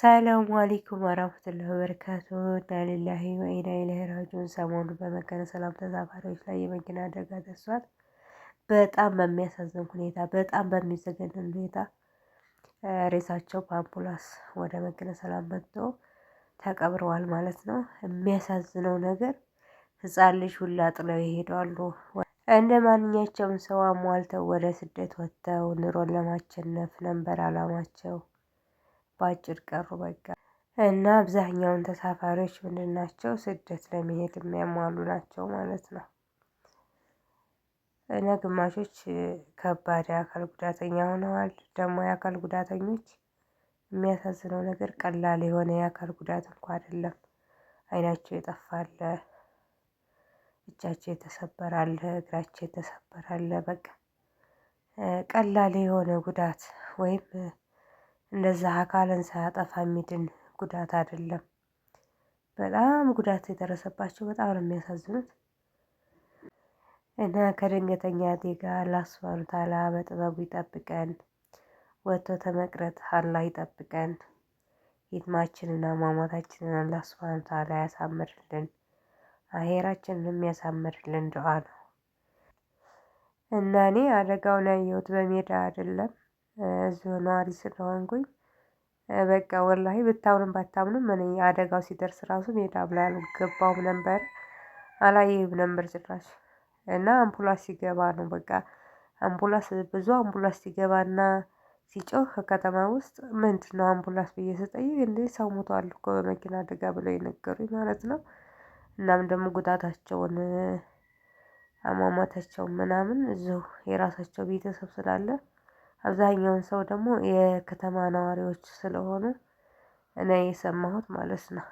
ሰላሙ አሌይኩም ወራህመቱላሂ ወበረካቱ። ኢና ሊላሂ ወኢና ኢለይሂ ራጂዑን። ሰሞኑ በመቀለ ሰላም ተሳፋሪዎች ላይ የመኪና አደጋ ደርሷል። በጣም በሚያሳዝን ሁኔታ፣ በጣም በሚዘገንን ሁኔታ ሬሳቸው በአምቡላንስ ወደ መቀለ ሰላም መጥቶ ተቀብረዋል ማለት ነው። የሚያሳዝነው ነገር ህፃን ልጅ ሁላ ጥለው ይሄዳሉ። እንደ ማንኛቸውም ሰው አሟልተው ወደ ስደት ወጥተው ኑሮን ለማቸነፍ ነበር አላማቸው። በአጭር ቀሩ በቃ እና አብዛኛውን ተሳፋሪዎች ምንድን ናቸው ስደት ለመሄድ የሚያሟሉ ናቸው ማለት ነው። እና ግማሾች ከባድ የአካል ጉዳተኛ ሆነዋል። ደግሞ የአካል ጉዳተኞች የሚያሳዝነው ነገር ቀላል የሆነ የአካል ጉዳት እንኳ አይደለም። አይናቸው የጠፋለ፣ እጃቸው የተሰበራለ፣ እግራቸው የተሰበራለ በቃ ቀላል የሆነ ጉዳት ወይም እንደዛ አካልን ሳያጠፋ የሚድን ጉዳት አይደለም። በጣም ጉዳት የደረሰባቸው በጣም ነው የሚያሳዝኑት። እና ከድንገተኛ አደጋ አላህ ሱብሃነሁ ወተዓላ በጥበቡ ይጠብቀን፣ ወጥቶ ተመቅረት አላህ ይጠብቀን። ሂድማችንና ማሟታችንን አላህ ሱብሃነሁ ወተዓላ ያሳምርልን፣ አሄራችንንም ያሳምርልን ዱዓ ነው። እና እኔ አደጋውን ያየሁት በሜዳ አይደለም እዚሁ ነዋሪ ስለሆንኩኝ በቃ ወላሂ ብታምኑም ባታምኑም እኔ አደጋው ሲደርስ ራሱ ሜዳ ብላ አልገባሁም ነበር አላየሁም ነበር ጭራሽ። እና አምቡላንስ ሲገባ ነው በቃ አምቡላንስ ብዙ አምቡላንስ እና ሲጮህ ከከተማ ውስጥ ምንድነው አምቡላንስ ብዬ ስጠይቅ እንዴ ሰው ሞቷል እኮ በመኪና አደጋ ብለው የነገሩኝ ማለት ነው። እናም ደግሞ ጉዳታቸውን አሟሟታቸውን ምናምን እዚሁ የራሳቸው ቤተሰብ ስላለ አብዛኛውን ሰው ደግሞ የከተማ ነዋሪዎች ስለሆኑ እኔ የሰማሁት ማለት ነው